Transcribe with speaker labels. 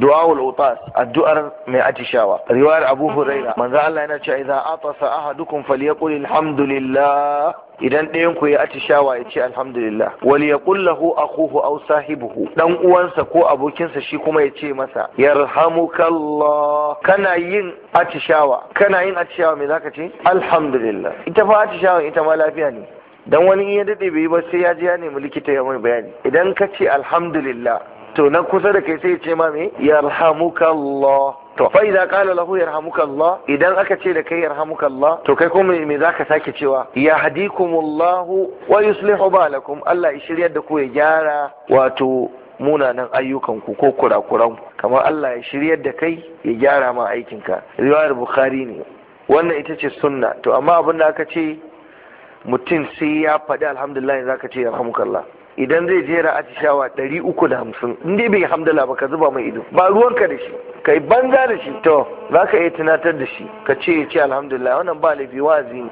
Speaker 1: du'aul utas addu'ar mai atishawa riwayar abu huraira manzo Allah yana cewa idza atasa ahadukum falyaqul alhamdulillah idan ɗayan ku ya atishawa ya ce alhamdulillah wal yaqul lahu akhuhu aw sahibuhu dan uwansa ko abokinsa shi kuma ya ce masa yarhamukallah kana yin atishawa kana yin atishawa me zaka ce alhamdulillah ita fa atishawa ita ma lafiya ne dan wani in ya dade bai ba sai ya je ya nemi likita ya mai bayani idan ka ce alhamdulillah to nan kusa da kai sai ce ma me yarhamukallah to fa idza qala lahu yarhamukallah idan aka ce da kai yarhamukallah to kai kuma me zaka sake cewa ya hadikumullahu wa yuslihu balakum Allah ya shiryar da ku ya gyara wato munanan ayyukanku ko kurakuran. kamar Allah ya shiryar da kai ya gyara ma aikinka riwayar bukhari ne wannan ita ce sunna to amma abin da aka ce mutum sai ya faɗi alhamdulillah za ka ce ya kalla. idan zai jera atishawa ɗari uku da hamsin in dai bai hamdala ba ka zuba mai ido ba ruwanka da shi kai banza da shi to za ka iya tunatar da shi ka ce ya ce alhamdulillah wannan ba laifi wazi ne